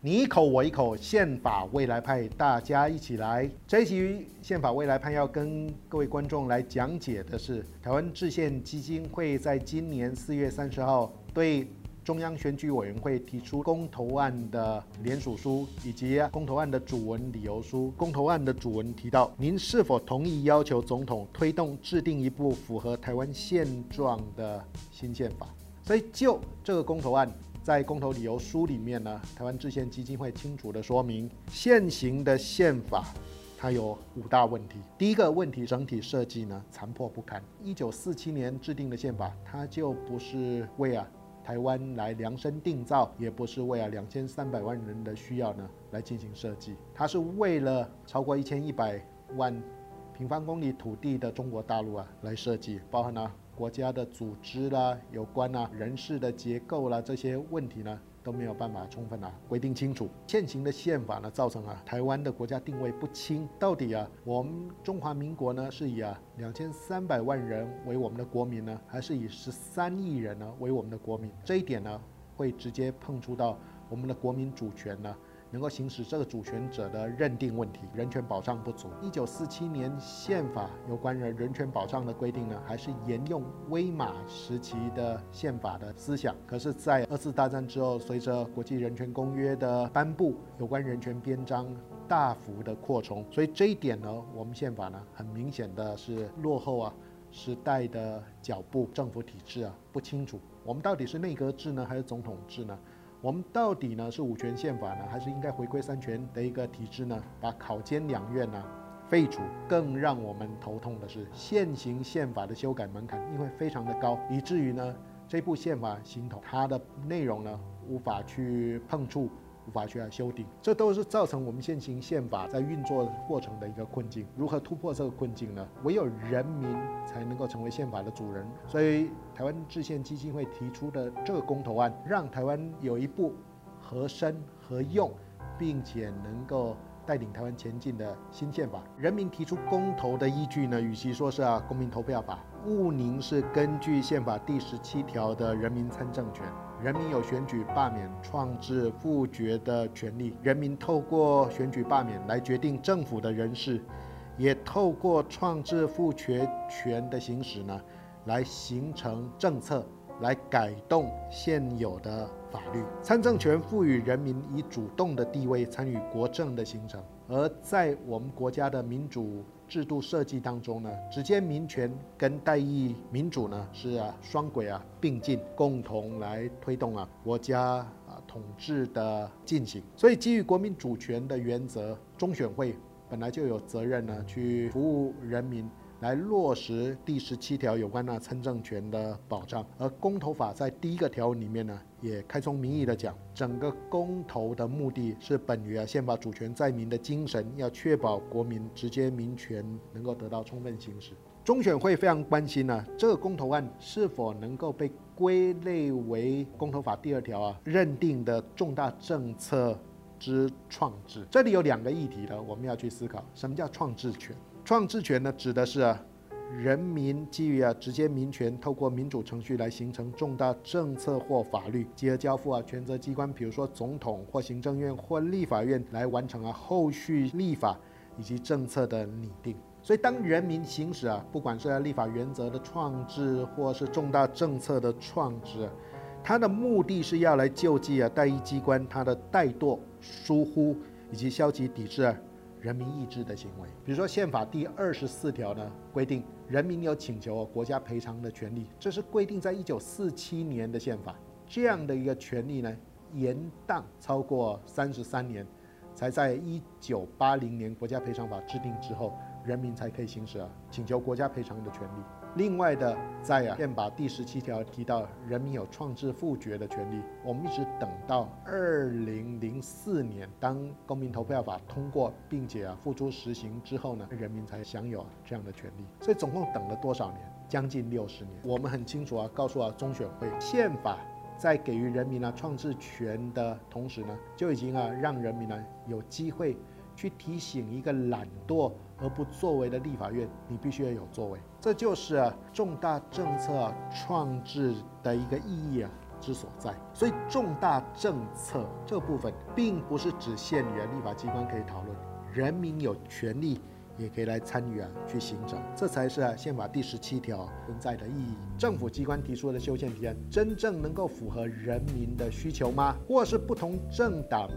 你一口我一口，憲法未來派大家一起來。這一集憲法未來派要跟各位觀眾來講解的是台灣制憲基金會在今年四月三十號對中央選舉委員會提出公投案的聯署書，以及公投案的主文理由書。公投案的主文提到：您是否同意要求總統推動制定一部符合台灣現狀的新憲法？所以就這個公投案。在公投理由書裡面呢，台灣制憲基金會清楚地說明，現行的憲法它有五大問題。第一個問題，整體設計呢殘破不堪。一九四七年制定的憲法，它就不是為啊台灣來量身定造，也不是為啊兩千三百萬人的需要呢來進行設計，它是為了超過一千一百萬平方公里土地的中國大陸啊來設計，包含了國家的組織啦、啊、有關吶、啊、人事的結構啦、啊，這些問題呢都沒有辦法充分啊，規定清楚。現行的憲法呢造成了、啊、台灣的國家定位不清，到底啊我們中華民國呢是以啊兩千三百萬人為我們的國民呢，還是以十三億人呢為我們的國民？這一點呢會直接碰觸到我們的國民主權呢。能夠行使這個主權者的認定問題，人權保障不足。一九四七年憲法有關人人權保障的規定呢，還是沿用威瑪時期的憲法的思想。可是，在二次大戰之後，隨着國際人權公約的頒布，有關人權篇章大幅的擴充。所以這一點呢，我們憲法呢，很明顯的是落後啊時代的腳步，政府體制啊不清楚，我們到底是內閣制呢，還是總統制呢？我們到底呢是五權憲法呢，還是應該回歸三權的一個體制呢？把考監兩院呢廢除。更讓我們頭痛的是，現行憲法的修改門檻因為非常的高，以至於呢這部憲法形同它的內容呢無法去碰觸。無法去來修訂，這都是造成我們現行憲法在運作過程的一個困境。如何突破這個困境呢？唯有人民才能夠成為憲法的主人。所以，台灣制憲基金會提出的這個公投案，讓台灣有一部合身、合用，並且能夠帶領台灣前進的新憲法。人民提出公投的依據呢，與其說是啊，公民投票法，毋寧是根據憲法第十七條的人民參政權。人民有選舉、罷免、創制、複決的權利。人民透過選舉、罷免來決定政府的人事，也透過創制、複決權的行使呢，來形成政策，來改動現有的法律。參政權賦予人民以主動的地位，參與國政的形成。而在我們國家的民主。制度設計當中呢，直接民權跟代議民主呢是啊雙軌啊並進，共同來推動啊國家啊統治的進行。所以基於國民主權的原則，中選會本來就有責任呢去服務人民，來落實第十七條有關那、啊、參政權的保障。而公投法在第一個條文裡面呢。也開宗明義的講，整個公投的目的，是本於啊憲法主權在民的精神，要確保國民直接民權能夠得到充分行使。中選會非常關心呢、啊，這個公投案是否能夠被歸類為公投法第二條啊認定的重大政策之創制？這裡有兩個議題呢，我們要去思考，什麼叫創制權？創制權呢，指的是啊。人民基於啊直接民權，透過民主程序來形成重大政策或法律，進而交付啊權責機關，比如說總統或行政院或立法院來完成啊後續立法以及政策的擬定。所以，當人民行使啊，不管是立法原則的創制或是重大政策的創制，它的目的是要來救濟啊代議機關它的怠惰、疏忽以及消極抵制啊。人民意志的行為，比如說憲法第二十四條呢規定，人民有請求國家賠償的權利，這是規定在一九四七年的憲法，這樣的一個權利呢延宕超過三十三年。才在一九八零年國家賠償法制定之後，人民才可以行使啊請求國家賠償的權利。另外的，在啊憲法第十七條提到，人民有創制複決的權利。我們一直等到二零零四年，當公民投票法通過並且啊付諸實行之後呢，人民才享有啊，這樣的權利。所以總共等了多少年？將近六十年。我們很清楚啊，告訴啊中選會，憲法。在給予人民呢創制權的同時呢，就已經啊讓人民呢有機會去提醒一個懶惰而不作為的立法院，你必須要有作為。這就是重大政策創制的一個意義啊之所在。所以重大政策這部分並不是只限於立法機關可以討論，人民有權利。也可以來參與啊，去形成，這才是、啊、憲法第十七條存、啊、在的意義。政府機關提出的修憲提案，真正能夠符合人民的需求嗎？或是不同政黨，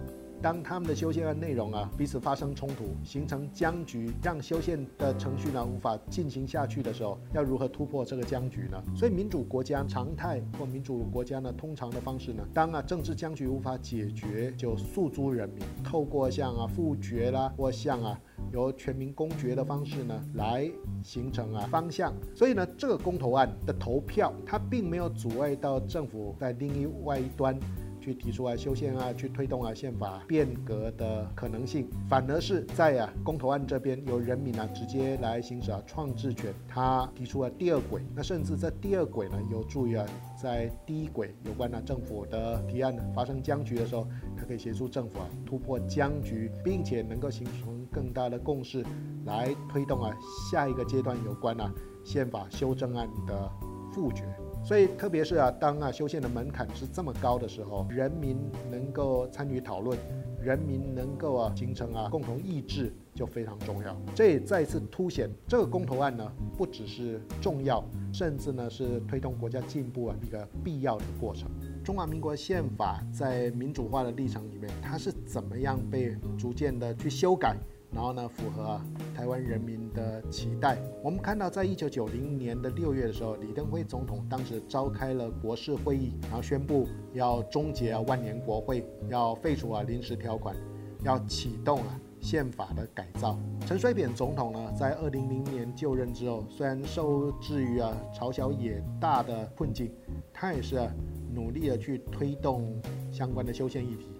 當他們的修憲案內容啊彼此發生衝突，形成僵局，讓修憲的程序呢無法進行下去的時候，要如何突破這個僵局呢？所以民主國家常態或民主國家呢，通常的方式呢，當啊政治僵局無法解決，就訴諸人民，透過像啊複決啦，或像啊。由全民公決的方式呢來形成啊方向，所以呢這個公投案的投票它並沒有阻礙到政府在另外一端。去提出來、啊、修憲啊，去推動啊憲法啊變革的可能性，反而是在啊公投案這邊由人民啊直接來行使啊創制權，他提出了、啊、第二軌，那甚至在第二軌呢有助於啊在第一軌有關啊政府的提案呢發生僵局的時候，他可以協助政府啊突破僵局，並且能夠形成更大的共識，來推動啊下一個階段有關啊憲法修正案的複決。所以，特別是啊，當啊修憲的門檻是這麼高的時候，人民能夠參與討論，人民能夠啊形成啊共同意志就非常重要。這也再次凸顯這個公投案呢，不只是重要，甚至呢是推動國家進步啊一個必要的過程。中華民國憲法在民主化的歷程裡面，它是怎麼樣被逐漸的去修改？然後呢，符合啊台灣人民的期待。我們看到，在一九九零年的六月的時候，李登輝總統當時召開了國是會議，然後宣布要終結啊萬年國會，要廢除啊臨時條款，要啟動啊憲法的改造。陳水扁總統呢，在二零零零年就任之後，雖然受制於啊朝小野大的困境，他也是啊努力的去推動相關的修憲議題。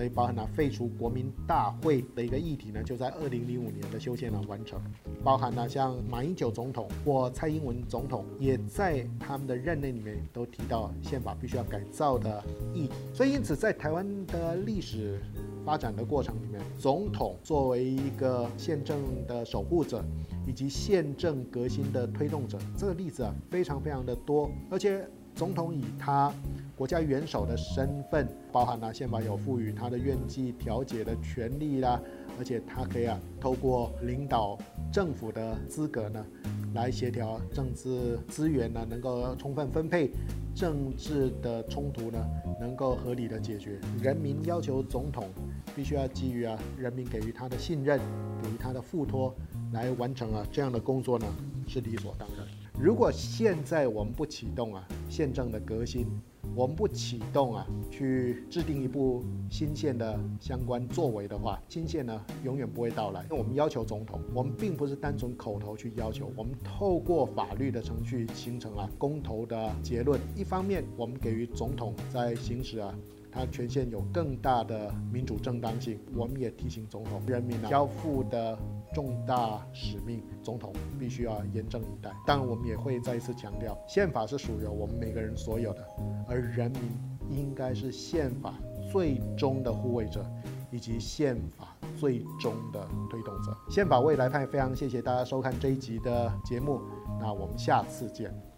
所以包含了廢除國民大會的一個議題呢，就在二零零五年的修憲呢完成。包含了像馬英九總統或蔡英文總統，也在他們的任內裡面都提到憲法必須要改造的議題。所以因此在台灣的歷史發展的過程裡面，總統作為一個憲政的守護者以及憲政革新的推動者，這個例子啊非常非常的多，而且。總統以他國家元首的身份，包含了憲法有賦予他的院際調解的權利啦，而且他可以啊，透過領導政府的資格呢，來協調政治資源呢，能夠充分分配，政治的衝突呢，能夠合理的解決。人民要求總統必須要基於啊，人民給予他的信任，給予他的付托，來完成啊這樣的工作呢，是理所當然。如果現在我們不啟動啊憲政的革新，我們不啟動啊去制定一部新憲的相關作為的話，新憲呢永遠不會到來。那我們要求總統，我們並不是單純口頭去要求，我們透過法律的程序形成了、啊、公投的結論。一方面，我們給予總統在行使啊。它權限有更大的民主正當性，我們也提醒總統，人民呢交付的重大使命，總統必須要嚴正以待。但我們也會再一次強調，憲法是屬於我們每個人所有的，而人民應該是憲法最終的護衛者，以及憲法最終的推動者。憲法未來派非常謝謝大家收看這一集的節目，那我們下次見。